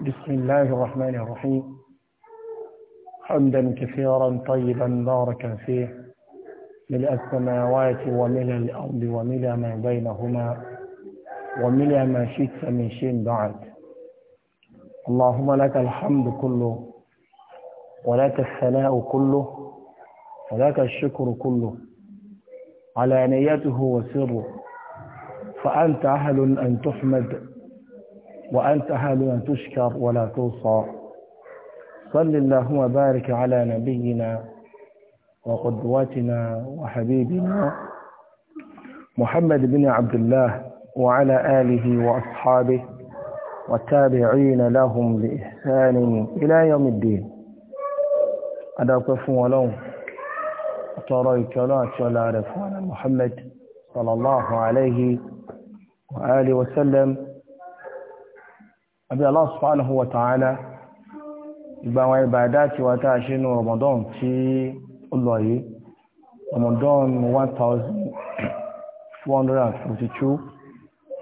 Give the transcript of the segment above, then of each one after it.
بسم الله الرحمن الرحيم حمدا كثيرا طيبا باركا فيه ملء السماوات وملء الأرض وملء ما بينهما وملء ما شئت من شيء بعد اللهم لك الحمد كله ولك الثناء كله ولك الشكر كله علانيته وسره فأنت أهل أن تحمد وأنت أهل أن تشكر ولا توصى صل اللهم وبارك على نبينا وقدوتنا وحبيبنا محمد بن عبد الله وعلى آله وأصحابه والتابعين لهم بإحسان إلى يوم الدين أدعوكم ولو أتريك لا تشعر محمد صلى الله عليه وآله وسلم àbí Allah subhanahu wa ta'ala ìgbà àwọn ìbàdá tí wà táa ṣe ní Ramadan tí ó lọ yìí Ramadan 1452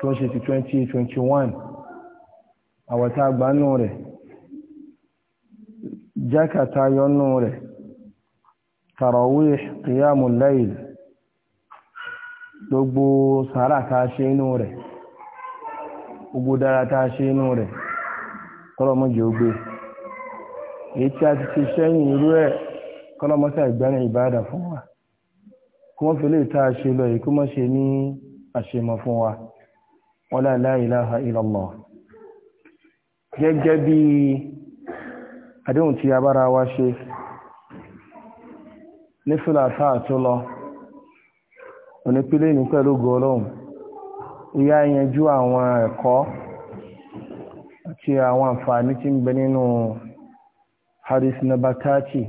tó ṣe ti 2021 àwọ̀tá àgbánú rẹ̀ jákàtà yọnú rẹ̀ tarawih qiyamul layl gbogbo sàárà ká ṣe inú rẹ̀ gbogbo dára tá a ṣe inú rẹ̀ kọ́lọ́mọ́jì ó gbé èyí tí a ti ṣe sẹ́yìn irú ẹ̀ kọ́lọ́mọ́sí àgbẹ̀rẹ̀ ìbáàdà fún wa kí wọ́n fi lè tá a ṣe lọ yìí kí wọ́n ṣe ní àṣemọ̀ fún wa wọ́n lá la ilaha illallah gẹ́gẹ́ bí àdéhùn tí a bára wa ṣe ní fúlàtà àtúlọ onípínlẹ̀ ní pẹ̀lú gọlọ́hùn ìyá yanjú àwọn ẹ̀kọ́ àti àwọn àǹfààní tí ń bẹ nínú Hadith nabatati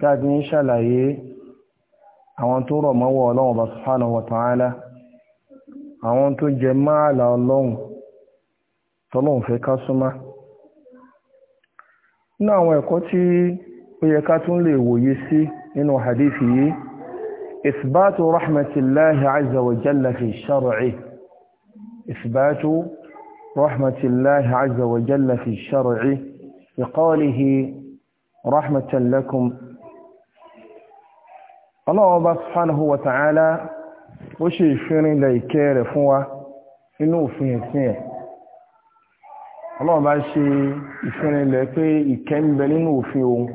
tàbí ń ṣàlàyé àwọn tó rọ̀ mọ́wọ́ ọlọ́run bá subhanahu wa ta'ala àwọn tó jẹ máàlá ọlọ́run tọ́lọ́run fẹ́ ká súnmọ́ nínú àwọn ẹ̀kọ́ tí ó yẹ ká tún lè wòye sí nínú hadith yìí إثبات رحمة الله عز وجل في شرعه إثبات رحمة الله عز وجل في شرعه بقوله رحمة لكم الله سبحانه وتعالى وشي فين ليكير فوا إنه فين سين الله ماشي يفين لكي يكمل إنه فيه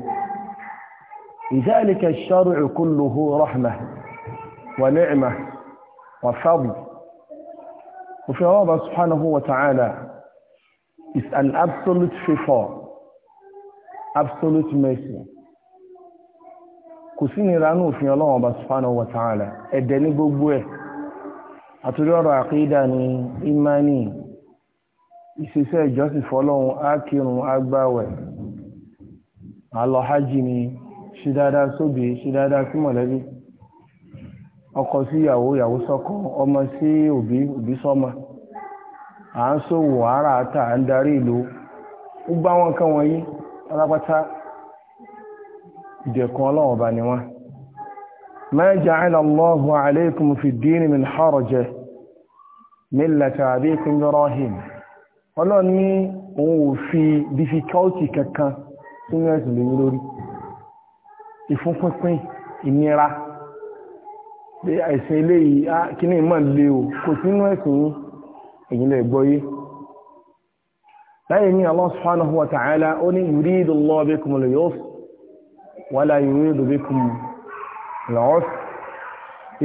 لذلك الشرع كله رحمة ونعمة وفضل وفي الله سبحانه وتعالى is an absolute favor absolute mercy kò sí nira ní òfin ọlọ́wọ́n bá subhanahu wa ta'ala ẹ̀dẹ̀ ní gbogbo ẹ̀ àtúrí ọ̀rọ̀ àkídà ní imani ìṣẹ́sẹ́ ìjọsìn fọ́lọ́hun á kírun á ni ṣe dáadáa sóbì ṣe dáadáa sí mọ̀lẹ́bí ọkọ sí ìyàwó ìyàwó sọ́kọ ọmọ sí òbí òbí sọ́mọ à ń ṣòwò ara àta à ń darí ìlú ó bá wọn kán wọ̀nyí pátápátá ìdẹ̀kùn ọlọ́run ọba ni wọ́n ما جعل الله عليكم في الدين من حرج ملة أبيكم إبراهيم Ọlọ́run ní òun ò fi difficulty kankan sínú ẹ̀sùn lórí ìfúnpínpín ìnira pé àìsàn eléyìí á kíní ìmọ̀ lé o kò sínú ẹ̀sìn yín èyí lè gbọ́ yé láyé ní Allah subhanahu wa ta'ala ó ní yuridu Allahu bikumul yusra wala yuridu bikumul usra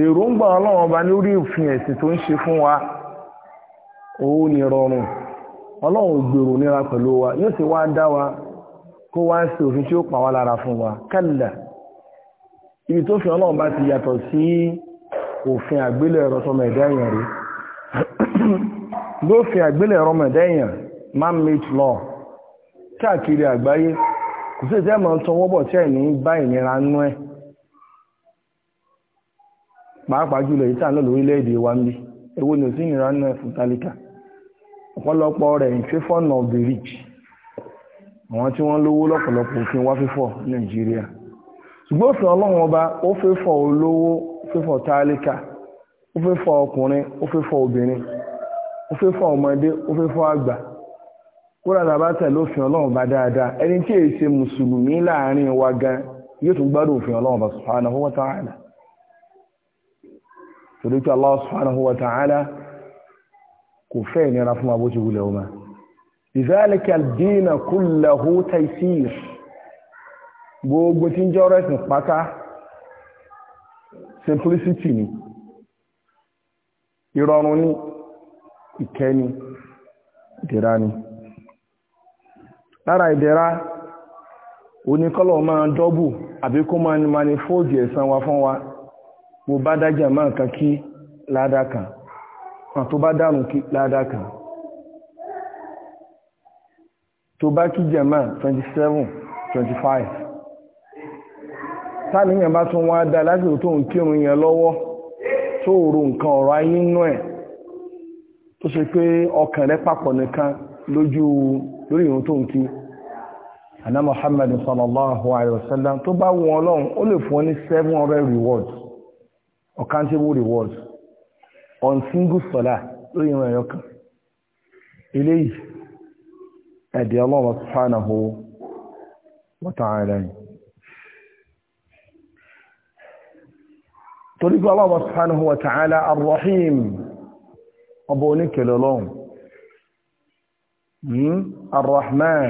èròǹgbà ọlọ́run ọba lórí òfin ẹ̀sìn tó ń ṣe fún wa òun ni rọrùn ọlọ́run gbèrò nira pẹ̀lú wa yóò sì wá dá wa kó wá sí òfin tí ó pa wá lára fún wa kálà ibi tó fi ọlọ́run bá ti yàtọ̀ sí òfin àgbélẹ̀ ẹ̀rọ sọmọ ẹ̀dá èèyàn rí lófin àgbélẹ̀ ẹ̀rọ ọmọ ẹ̀dá èèyàn man made law káàkiri àgbáyé kò sí ìtẹ́ mọ̀ sanwó bọ̀ tí ẹ̀ ní bá ìnira nú ẹ̀ pàápàá jùlọ yìí tàn lọ́lọ́ orílẹ̀-èdè wa ní èwo ni ò sí ìnira nú ẹ̀ fún tálíkà ọ̀pọ̀lọpọ̀ rẹ̀ in favour of the rich àwọn tí wọ́n lówó lọ́pọ̀lọpọ̀ òfin wá fífọ̀ Nàìjíríà ṣùgbọ́n òfin ọlọ́run ọba ó fẹ́ fọ olówó ó fẹ́ fọ tálíkà ó fẹ́ fọ ọkùnrin ó fẹ́ fọ obìnrin ó fẹ́ fọ ọmọdé ó fẹ́ fọ àgbà kódà tá a bá tẹ̀lé òfin ọlọ́run ọba dáadáa ẹni tí èyí ṣe mùsùlùmí láàrin wa gan yóò tún gbádùn òfin ọlọ́run ọba subhanahu wa ta'ala torí pé Allah subhanahu wa ta'ala kò fẹ́ ìnira fún abójúwulẹ̀ ọmọ lidhalika ad-dina kullahu taysir gbogbo tí ń jọ́rọ̀ ẹ̀sìn pátá simplicity ni ìrọ̀rùn ni ìkẹ́ ni ìdẹ̀ra ni lára ìdẹ̀ra oníkọ́lọ̀ máa dọ́bù àbí kó máa ní manifold ẹ̀san wa fún wa mo bá dájà máa kan kí ládàá kan àwọn tó bá dànù kí ládàá kan tó bá kí jẹ̀mọ́ 27 25 táníyàn bá tún wá dá lásìkò tó ń kírun yẹn lọ́wọ́ tó rò nǹkan ọ̀rọ̀ ayé inú ẹ̀ tó ṣe pé ọkàn rẹ̀ papọ̀ nìkan lójú lórí ìrun tó ń kí àná Muhammad sallallahu alayhi wa sallam tó bá wọn ọlọ́run ó lè fún ọ ní seven hundred rewards accountable rewards on single salah lórí ìrun ẹ̀yọ kan eléyìí ẹ̀dẹ̀ Allah subhanahu wa ta'ala yìí. torí pé Allah subhanahu wa ta'ala ar-rahim ọba oníkèlè lọ́hùn hmm? ar-rahman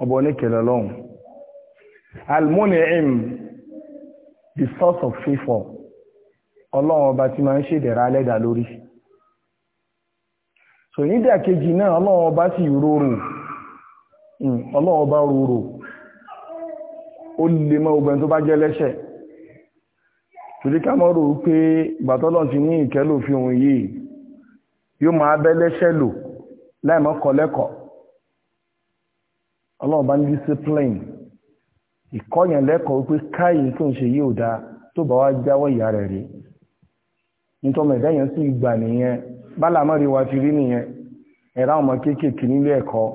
ọba oníkèlè lọ́hùn al the source of favor ọlọ́run ọba tí máa ń ṣèdẹ̀ra alẹ́dà lórí so nídàkejì náà ọlọ́run ọba sì rorò hmm, ọlọ́run ọba rorò ó lè mọ́ ogun tó bá jẹ́ lẹ́ṣẹ̀ẹ́ torí ká mọ́ rò ó pé ìgbàtọ́lọ́ ti ní ìkẹ́lò fi òun yìí yóò máa bẹ́ lò láìmọ́ kọ́ lẹ́kọ̀ọ́ ní discipline ìkọ́yàn lẹ́kọ̀ọ́ pé káyìí tó ń ṣe yìí ò dáa tó bá wá jáwọ́ ìyá rẹ̀ rí nítorí ẹ̀dá yẹn sì gbà nìyẹn bálàmọ́rí wa ti rí nìyẹn ẹ̀rá ọmọ kéékèèké nílé ẹ̀kọ́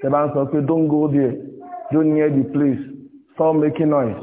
tẹ bá ń sọ pé don't go there don't near the place stop making noise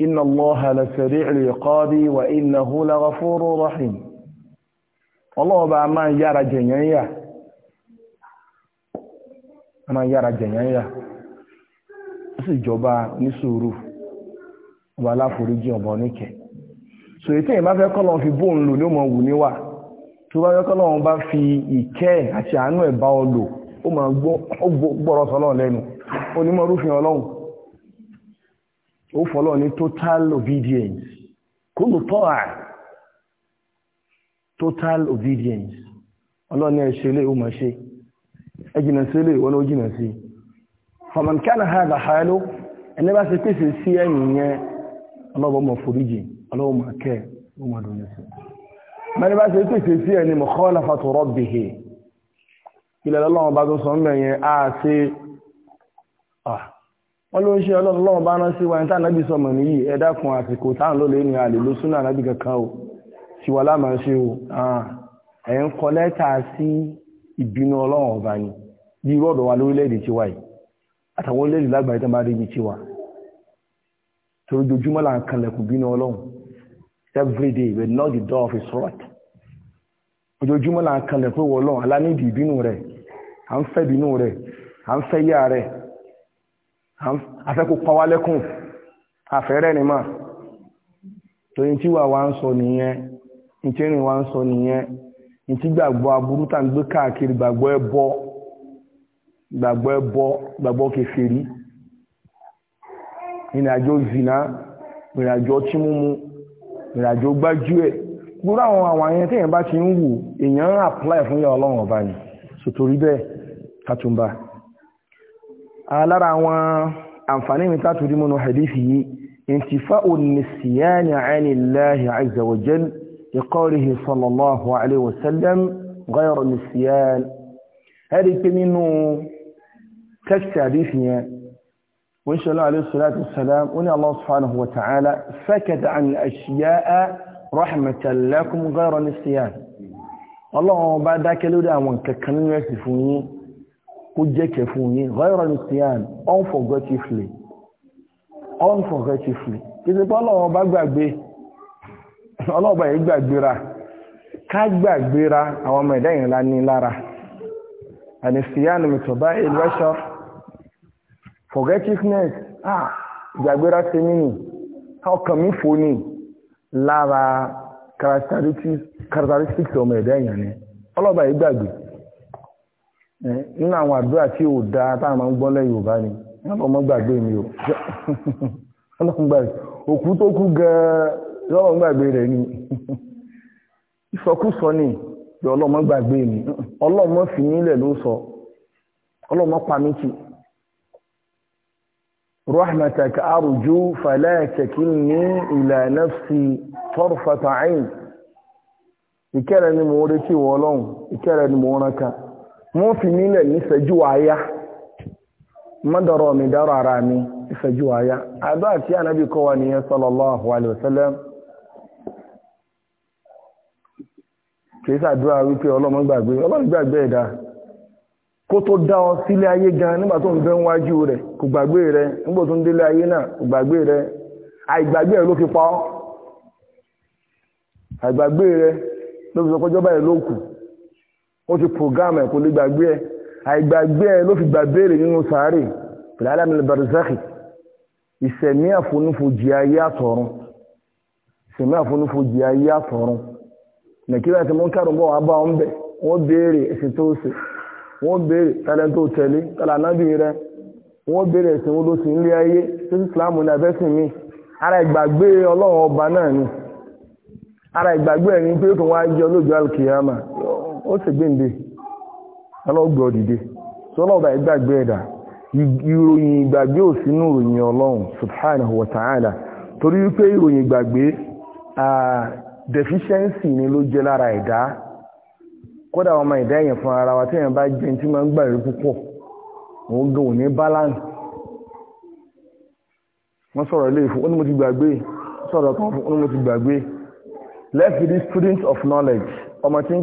إن الله لسريع العقاب وإنه لغفور رحيم الله بقى ما جنيا ما جنيا ọba aláforíjì ọba oníkẹ so ètò ìmá fẹ́ kọ́lọ̀ fi bóun lò ní ọmọ wù níwà tó bá fẹ́ kọ́lọ̀ bá fi ìkẹ́ àti àánú ẹ̀ bá ọ lò ó máa gbọ́rọ̀ sọ́lọ̀ ó fọ́lọ́ ní total obedience kúlù tọ́à total obedience ọlọ́ni ẹ̀ṣẹ́ lè ó máa ṣe ẹjìnà sí lè wọ́n ló jìnà sí faman kana hadha halu ẹni bá ṣe pèsè sí ẹ̀yìn yẹn ọlọ́wọ́ mọ̀ foríjì ọlọ́wọ́ mọ̀ kẹ́ ó mọ̀ dùn sí mẹ́rin bá ṣe pèsè sí ẹni mukhalafatu rabbih wọ́n ló ń ṣe ọlọ́run bá rán sí wa ní tánàbí sọmọ̀ nìyí ẹ̀dàkùn àsìkò táwọn ló lè ní àlè ló súnà nábì kankan o tí wà láàmà ń ṣe o ah, ẹ̀ ń kọ lẹ́tà sí ìbínú ọlọ́run ọba ni bí irú ọ̀dọ̀ wa lórílẹ̀-èdè tiwa yìí àtàwọn orílẹ̀-èdè lágbàáyé tó máa rí ibi tiwa torí ojoojúmọ́ là ń kanlẹ̀kùn bínú ọlọ́run every day we knock the door of his wrath ojoojúmọ́ là ń kanlẹ̀kùn wọ ọlọ́run aláníbi ìbínú rẹ̀ afẹ́kù pa wá lẹ́kùn àfẹ́rẹ́ ni mà torí tí wà wá ń sọ nìyẹn ìtí rìn wá ń sọ nìyẹn ìtí gbàgbọ́ aburú tá ń gbé káàkiri gbàgbọ́ ẹbọ gbàgbọ́ ẹbọ gbàgbọ́ kèfèrí ìrìnàjò zina ìrìnàjò ọtí mímu ìrìnàjò gbájú ẹ̀ gbúrú àwọn àwọn àyẹn téèyàn bá ti ń wù èèyàn ń apply fún yà ọlọ́run ọba ni sòtòrí bẹ́ẹ̀ kàtúmbà alara àwọn anfani mi tààtù rí mọ́nà hadith intifa'u nisyan 'ani Allahi 'azza wa jalla li qawlihi sallallahu alayhi wa sallam ghayra nisyan ẹ̀rí pé kashta tẹ́kítì hadith yẹn wọ́n ṣe aláàlẹ́ salatu salam ó Allah subhanahu wa ta'ala sakata 'an al-ashya'a rahmatan lakum ghayra nisyan ọlọ́run bá dákẹ́ lórí àwọn kankan nínú ẹ̀sìn fún yín kó jẹ́ kẹ fún yín viral christian unforgettably unforgettably títí pé ọlọ́run bá gbàgbé ọlọ́run bá yìí gbàgbéra ká gbàgbéra àwọn ọmọ ẹ̀dá yẹn la ní lára and christian mitoba elvesha forgetfulness ah ìgbàgbéra ṣe mí nì ọkàn mi fò ní lára characteristics ọmọ ẹ̀dá yẹn ni ọlọ́run bá yìí gbàgbé. nínú àwọn àdúrà tí ò dáa táwọn máa ń gbọ́ Yorùbá ni ọlọ́mọ gbàgbé mi o òkú tó kú gan-an gbàgbé rẹ̀ ni ìsọkúsọ ni ọlọ́mọ gbàgbé mi ọlọ́mọ fi nílẹ̀ ló sọ ọlọ́mọ pa mí tì rahmataka arju fala takilni ila nafsi tarfata ayn ikere ni mò ń retí ikere ni mò wọ́n fi mí lẹ̀ ní ìṣẹ́jú àáyá mọ́dọ̀rọ̀ mi dárọ̀ ara mi ìṣẹ́jú àáyá àdó àti ànábì kọ́ wa nìyẹn sallallahu alaihi wasallam kìí sàdúrà wípé ọlọ́mọ gbàgbé ọlọ́mọ gbàgbé ayé wọ́n ti program ẹ̀ kò lè gbàgbé ẹ̀ àìgbàgbé ẹ̀ ló fi gbà béèrè nínú sàárè pẹ̀láàmì barzakhi ìsẹ̀mí àfonúfojì ayé àtọ̀run ìsẹ̀mí àfonúfojì ayé àtọ̀run nàìjíríà ti mú kẹrùn bọ̀ wá bá wọn bẹ̀ wọ́n béèrè ẹ̀sìn tó ṣe wọ́n béèrè tẹ́lẹ̀ tó tẹ̀lé tẹ́lẹ̀ anábì rẹ wọ́n béèrè ẹ̀sìn wo ló sì ń lé ayé sí islam ní abẹ́sìn mi ara ìgbàgbé ọlọ́run ọba náà ni ara ìgbàgbé ẹ̀ ni pé kò wá jẹ́ olóògbé alkiyama ó sì gbéǹde ọlọ́gbọ̀ òdìdé ìgbàgbé ẹ̀dà ìròyìn ìgbàgbé ò ìròyìn ọlọ́run torí wípé ìròyìn ìgbàgbé deficiency ni ló jẹ́ lára ẹ̀dá kódà ọmọ ẹ̀dá fún ara wa bá jẹ́ tí máa ń púpọ̀ òun gan balance wọ́n sọ̀rọ̀ ilé ìfún ti gbàgbé sọ̀rọ̀ kan fún ti gbàgbé left with the student ọmọ tí ń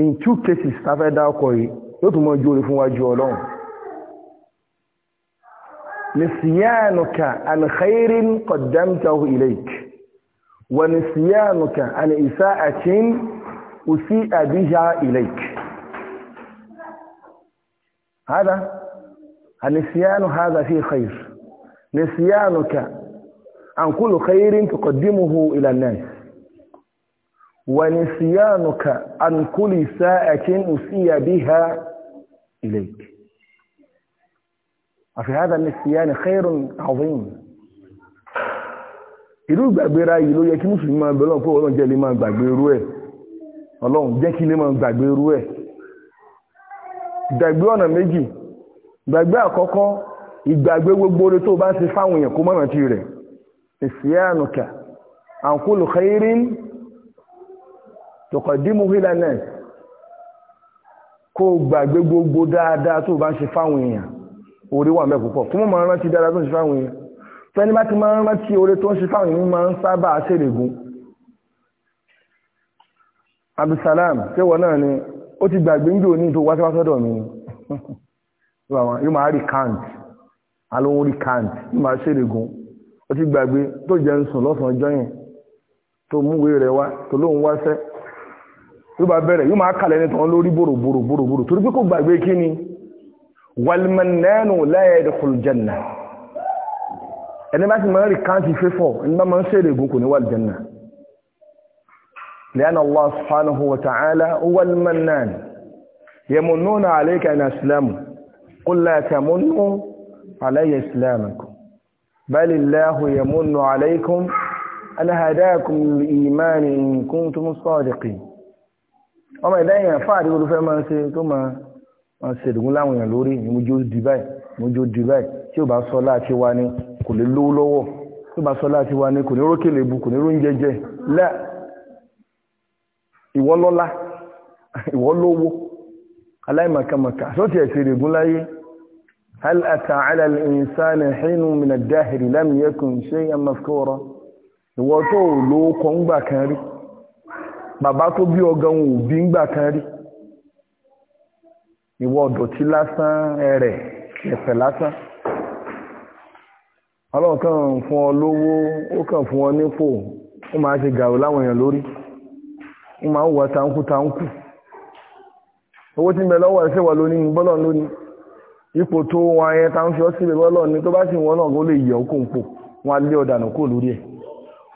in two cases ta fẹ́ dá ọkọ̀ yìí yóò tún mọ́ ju orí fún wájú ọlọ́run nisiyanuka an khairin qaddamtahu ilayk wa nisiyanuka an isa'atin usi'a biha ilayk hada anisiyanu hada fi khair nisiyanuka an kullu khairin tuqaddimuhu ila an-nas ونسيانك عن كل ساعة أسي بها إليك وفي هذا النسيان خير عظيم irú ìgbàgbéra yìí ló yẹ kí mùsùlùmí máa bẹ̀rẹ̀ ọ̀pọ̀ ọlọ́run jẹ́ lè máa gbàgbé irú ẹ̀ ọlọ́run jẹ́ kí lè máa gbàgbé irú ẹ̀ gbàgbé ọ̀nà méjì gbàgbé àkọ́kọ́ ìgbàgbé gbogbo orí tó bá ti fáwọn èèyàn kó mọ̀nà tí rẹ̀ ìsìyànùkà àǹkólù khairin tọkọ̀dímù hílẹ̀nẹ̀ kó gbàgbé gbogbo dáadáa tó bá ń ṣe fáwọn èèyàn orí wà mẹ́ púpọ̀ fún mọ̀ rántí dáadáa tó ń ṣe fáwọn èèyàn fẹ́ni bá ti máa ń rántí orí tó ń ṣe fáwọn èèyàn máa ń sábà ṣèrègùn abdulsalam ṣéwọ náà ni ó ti gbàgbé ń jò ní tó wá síwá sọ́dọ̀ mi yóò máa rí kant alóhun rí kant yóò máa ṣèrègùn ó ti gbàgbé tó jẹun sùn lọ́sàn-án ọjọ́ yẹn tó múwèé rẹ̀ wá tó lóun wáṣẹ́ yóò bá bẹ̀rẹ̀ yóò máa kàlẹ̀ nítorí lórí bòròbòrò bòròbòrò torí pé kò gbàgbé kí ni wàlmánẹ́nù láyẹ̀dẹ̀kùn jẹ́nà ẹni bá ti máa rí káàntì fífọ́ ẹni bá máa ń ṣèrè gùn kò ní wàlìjẹ́nà lẹ́yìn allah subhanahu wa ta'ala wàlmánẹ́nù yamununa alayka أن aslamu qul la tamunnu alayya islamakum bal illahu yamunnu alaykum an hadakum lil iman in kuntum ọmọ ẹ̀dá èèyàn fáàdì olùfẹ́ máa ń ṣe tó máa máa ṣèdùnkún láwọn èèyàn lórí ìmújó di báyìí ìmújó di báyìí tí ò bá sọ láti wá ní kò lè lówó lọ́wọ́ tí ò bá sọ láti wá ní kò ní rókè lè bu kò ní róúnjẹ jẹ lẹ́ ìwọ lọ́lá ìwọ lówó aláìmọ̀kàmọ̀kà sọ́tì ẹ̀sẹ̀ ìrègùn láyé hal ata ala al-insani hinu min ad lam yakun shay'an mafkura ìwọ tó lówó kọ́ ń gbà kan rí bàbá tó bí ọgàn òbí ń gbà kan rí ìwọ ọ̀dọ̀tí lásán ẹ̀rẹ̀ ẹ̀fẹ̀ lásán ọlọ́run kàn fún ọ lówó ó kàn fún ọ nípò ó máa ṣe gàrú láwọn èèyàn lórí ó máa ń wọ táǹkù táǹkù owó tí ń bẹ lọ́wọ́ ẹ̀ṣẹ̀ wà lónìí bọ́lọ̀ lónìí ipò tó wọn ayẹ tá ń fi ọ síbẹ̀ bọ́lọ̀ ni tó bá sì wọn náà kó lè yẹ ọkọ̀ ńpò wọn á lé ọ̀dànù kó lórí ẹ̀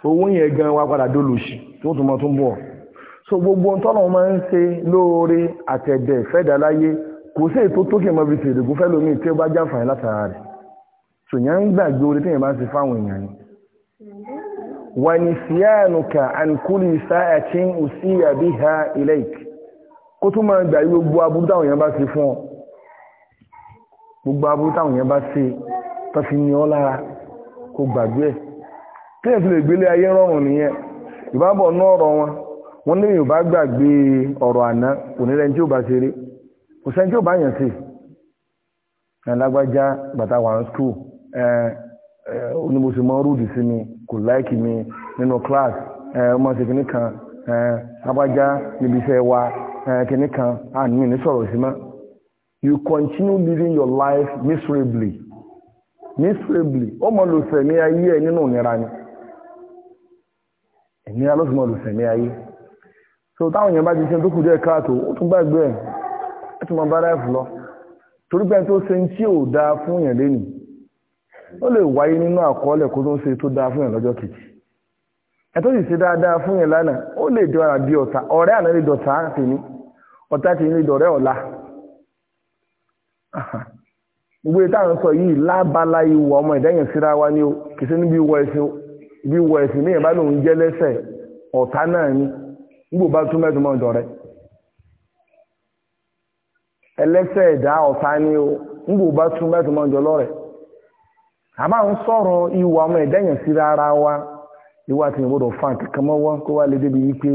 owó yẹn gan wa padà dólòṣì tó tún mọ́ tó ń bọ̀ ọ́ so gbogbo ohun tọ́nà máa ń ṣe lóore àtẹ̀dẹ̀ fẹ́dà láyé kò sí ètò tókè mọ́ fi tèrè gúfẹ́ lómi tí ó bá jáfàáyé látara rẹ̀ so yẹn ń gbàgbé orí téèyàn bá ń ṣe fáwọn èèyàn ni. wà ní síyáànùkà ànkúlì sáàtì òsì àbí ha ilẹ̀k kó tún máa gbà gbogbo aburú táwọn èèyàn bá ṣe fún ọ gbogbo aburú táwọn èèyàn bá ṣe tó fi ní ọ lára kó gbàgbé ẹ téèyàn fi lè gbélé ayé rọrùn nìyẹn ìbábọ̀ náà rọ wọn wọ́n ní yorùbá gbàgbé ọ̀rọ̀ àná onílẹ̀ tí bá ṣeré kò sẹ́ni tí bá yàn sí alágbájá bàtà wà ní skul onímọ̀símọ́ rúdì sí mi kò láìkì mi nínú class ọmọ ṣe kìíní kan agbájá níbi iṣẹ́ wa kan ní sọ̀rọ̀ sí mọ́ you continue living your life miserably miserably ayé nínú ìnira ni so táwọn èèyàn bá ti ṣe tó kù díẹ̀ káàtó ó tún gbàgbé ẹ̀ ẹ tún máa bá lọ torí pé tó ṣe ń tí ò dáa fún èèyàn lẹ́nu ó lè wáyé nínú àkọọ́lẹ̀ kó tó ṣe tó dáa fún lọ́jọ́ kejì ẹ tó sì ṣe dáadáa fún èèyàn lánàá ó lè di ọ̀rà ọ̀tá ọ̀rẹ́ àná lè dọ̀tá ọ̀tá dọ̀rẹ́ ọ̀la gbogbo ètò àwọn sọ yìí lábala ìwà ọmọ síra wa ni ó kìí ṣe níbi nígbò bá tún mẹ́tọ́ mọ́ rẹ. ẹlẹ́sẹ̀ ẹ̀dá ọ̀tá ni o nígbò bá tún mẹ́tọ́ mọ́ ìdọ̀lọ́rẹ̀ a máa ń sọ̀rọ̀ ìwà ọmọ ẹ̀dá yẹn sí wa ìwà tí ìwọ́dọ̀ fa kankan mọ́wọ́ kó wá lè débi wípé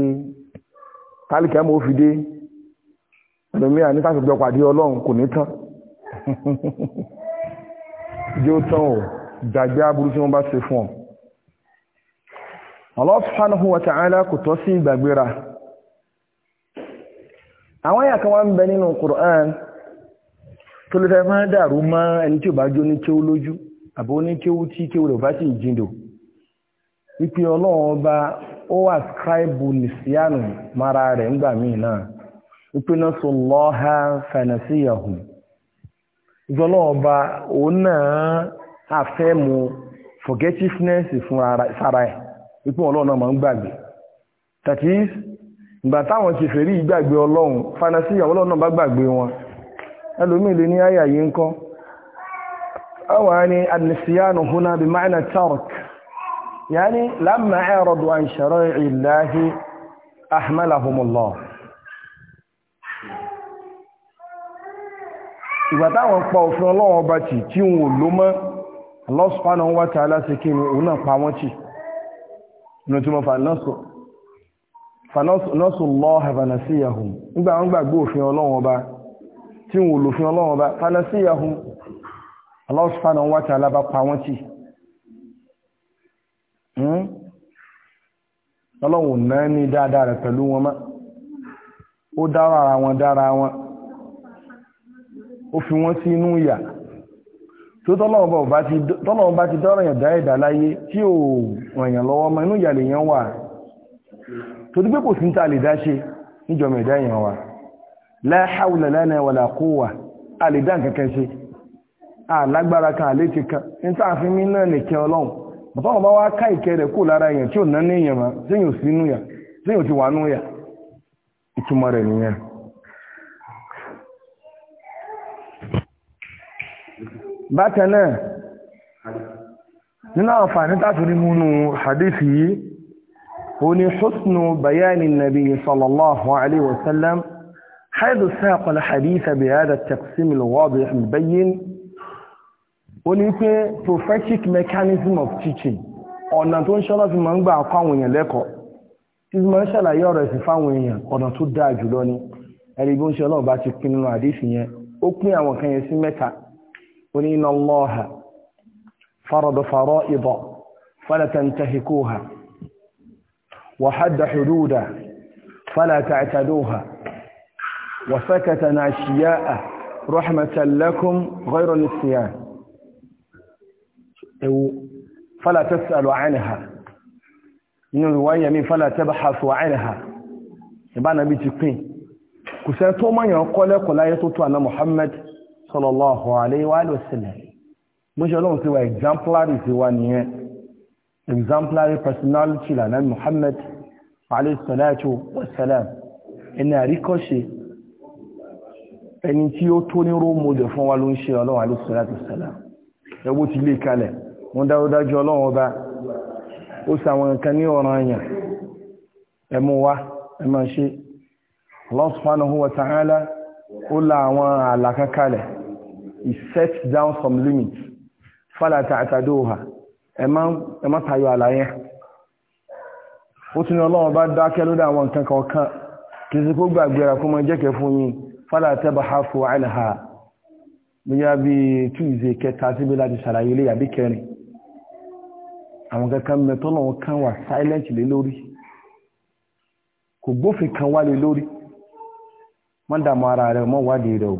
tálíkì àmọ́ ó dé ẹlòmíà ní sásìkò pàdé ọlọ́run kò ní tán tán o gbàgbé aburú tí wọ́n bá ṣe àwọn àyà kan wá ń bẹ nínú Qur'an tó lè fẹ́ máa dàrú mọ́ ẹni tí ò bá jó ní kéwú lójú tí rẹ̀ bá sì mara rẹ̀ ńgbà míì náà wípé náà sọ lọ́ha fẹ̀nẹ̀síyàhùn ìgbọ́lọ́run ọba òun náà na forgetfulness fún ara ẹ̀ wípé ọlọ́run náà máa ń gbàgbé that is ìgbà táwọn ti fèrí ìgbàgbé ọlọ́run fanasí ìyàwó lọ́nà bá gbàgbé wọn ẹlòmílè ní àyà yìí ọwà ni anìsíyánu húnná bí máìnà tark yà ní lámà ẹ̀rọ̀dù àìṣẹ̀rọ̀ ìlàhí ahmalahumullah ìgbà táwọn pa òfin ọlọ́run ọba tì tí wọn ló mọ́ Allah subhanahu wa ta'ala ṣe kí ni òun náà pa tì fanọ́sùlọ́ havanasiyahun nígbà wọn gbàgbé òfin ọlọ́run ọba tí wọn ò lòfin pa tì hmm? ọlọ́run na ní dáadáa rẹ̀ pẹ̀lú wọn mọ́ ó dára ara wọn wọn ó fi wọ́n sí inú ìyà tó tọ́lọ́wọ́n bá ti torí pé kò sí ń ta lè dá ṣe níjọmọ̀ ẹ̀dá èèyàn wa la hawla lana wala quwwa a lè dá nǹkan kan ṣe a lágbára kan àlékè kan ní tá a fi mí náà nìkẹ́ ọlọ́run bàbá wọn bá wá ká ìkẹ́ rẹ̀ kó lára nínú àǹfààní tàbí mímú nù hadith yìí هنا حسن بيان النبي صلى الله عليه وسلم حيث ساق الحديث بهذا التقسيم الواضح البين ونيكي prophetic mechanism of teaching ọ̀nà tó ń ṣọ́lá fi máa ń gbà kọ́ àwọn èèyàn lẹ́kọ̀ọ́ tí máa ń ṣàlàyé ọ̀rọ̀ ẹ̀sìn fáwọn èèyàn ọ̀nà tó dáa jùlọ ni ẹni bí ń ṣe ọlọ́run bá ti pín nínú àdéhùn yẹn ó pín àwọn kan yẹn sí mẹ́ta ó ní inna Allaha farada fara'ida fala tantahiquha وحد حدوده فلا تعتدوها وسكت ناشياء رحمة لكم غير النسيان فلا تسأل عنها من الرواية من فلا تبحث عنها ìbána bí ti pín kò sẹ́ tó mọ́ yàn kọ́ lẹ́kọ̀ọ́ láyé tó tó àná Muhammad sallallahu alaihi wa sallam mú ṣe ọlọ́run ti wà exemplary ti wà nìyẹn exemplary personality lànà Muhammad alayhi salatu wassalam ẹni àríkọ́ṣe ẹni tí ó tó ní role model fún wa ló ń ṣe ọlọ́run alayhi salatu wassalam ẹgbó ti lè kalẹ̀ wọ́n dáwọ́dájú ọlọ́run ọba ó sàwọn nǹkan ní ọ̀ràn èèyàn ẹmú wa ẹ máa ṣe Allah wa ta'ala ó la àwọn àlàkà he set down some limits fala ta'taduha ẹ má tayọ àlàyé ó tún ní ọlọ́run bá dákẹ́ lórí àwọn nǹkan kọ̀ọ̀kan kì í sí kó gbàgbé ra kó mọ jẹ́kẹ̀ fún yín fádà tẹ́bà ha fò àìlàhà bóyá bí túìzé kẹta síbi láti ṣàlàyé ilé àbí kẹrin àwọn kankan mẹ́tọ́ lọ́wọ́ kan wà silent lé lórí kò gbófin kan wá lé lórí wọ́n dàmú ara rẹ̀ mọ́ wádìí rẹ̀ o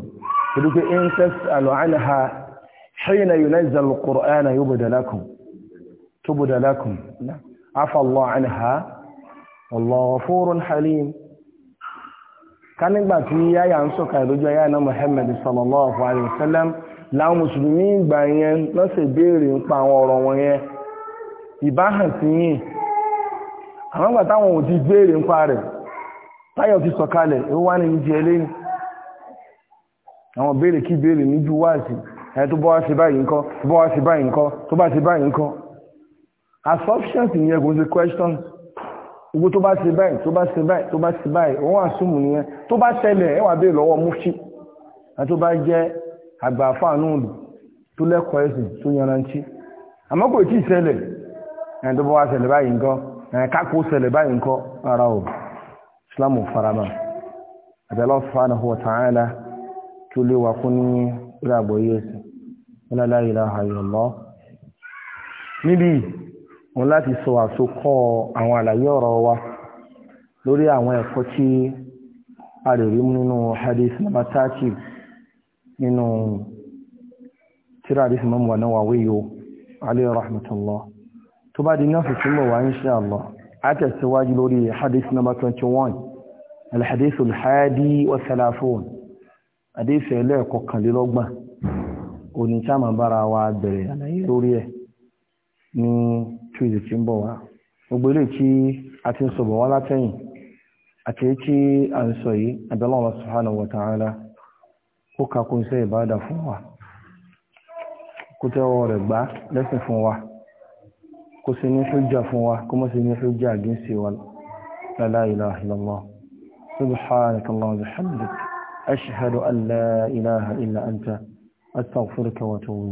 torí pé incest àlọ́ àìlàhà ṣẹ́yìn náà yóò náà zàlù kùrọ̀ تبد لكم لا عفى الله عنها والله غفور حليم kan nígbà tí yáyà ń sọ̀kà ìlójú ayá náà Muhammad sallallahu alayhi wa sallam láwọn mùsùlùmí ìgbà yẹn lọ́sẹ̀ béèrè ń pa àwọn ọ̀rọ̀ wọn yẹn ìbáhàn sí yìn àwọn ìgbà táwọn ò ti béèrè ń pa rẹ̀ táyọ̀ ti sọ̀kalẹ̀ ó wá ní ìjẹ́ lẹ́yìn àwọn béèrè kí béèrè níjú wáàsì ẹ̀ tó bọ́ wá sí báyìí nǹkan tó bọ́ wá sí báyìí nǹkan tó bá sí báyìí nǹkan assumptions nìyẹn kò ṣe questions gbogbo tó bá ṣe báyìí tó bá ṣe báyìí tó bá ṣe báyìí òun àsùnmù nìyẹn tó bá ṣẹlẹ̀ ẹ wà bẹ́ẹ̀ lọ́wọ́ mufti àti tó bá jẹ́ àgbà àfààní òlù tó lẹ́kọ̀ọ́ ẹ̀sìn tó yanrantí àmọ́ kò tí ì ṣẹlẹ̀ ẹ̀ tó bá wá ṣẹlẹ̀ báyìí nǹkan ẹ̀ kákó ṣẹlẹ̀ báyìí nǹkan ara o Islam farama àti Allah subhanahu wa tó lé wa kún ní ìlàgbọ̀ yẹ́sìn òun láti sọ àsokọ́ àwọn àlàyé ọ̀rọ̀ wa lórí àwọn ẹ̀kọ́ tí a lè rí nínú hadith number thirty nínú tíra hadith mọ́mú wa náà wà wíyó alayhi rahmatullah tó bá di náà sì túnbọ̀ wá insha Allah a tẹ̀síwájú lórí hadith number twenty one alhadith alhadi wa salafun hadith ẹlẹ́ẹ̀kọ́ kanlélọ́gbọ̀n oníṣàmàbára wa bẹ̀rẹ̀ lórí ẹ̀ ní tuesday tí ń bọ̀ wá gbogbo ilé tí a ti ń sọ bọ̀ wá látẹ̀yìn àti èyí tí a ń sọ yìí abẹ́lọ́wọ́ subhanahu wa ta'ala ó ka kó iṣẹ́ ìbáradà fún wa kó tẹ́wọ́ rẹ̀ gbá lẹ́sìn fún wa kó sì ní hujja fún wa kó mọ́ sì ní hujja àgẹ́sì wa la ilaha illallah subhanaka allahumma wa bihamdik ashhadu an la ilaha illa anta astaghfiruka wa atubu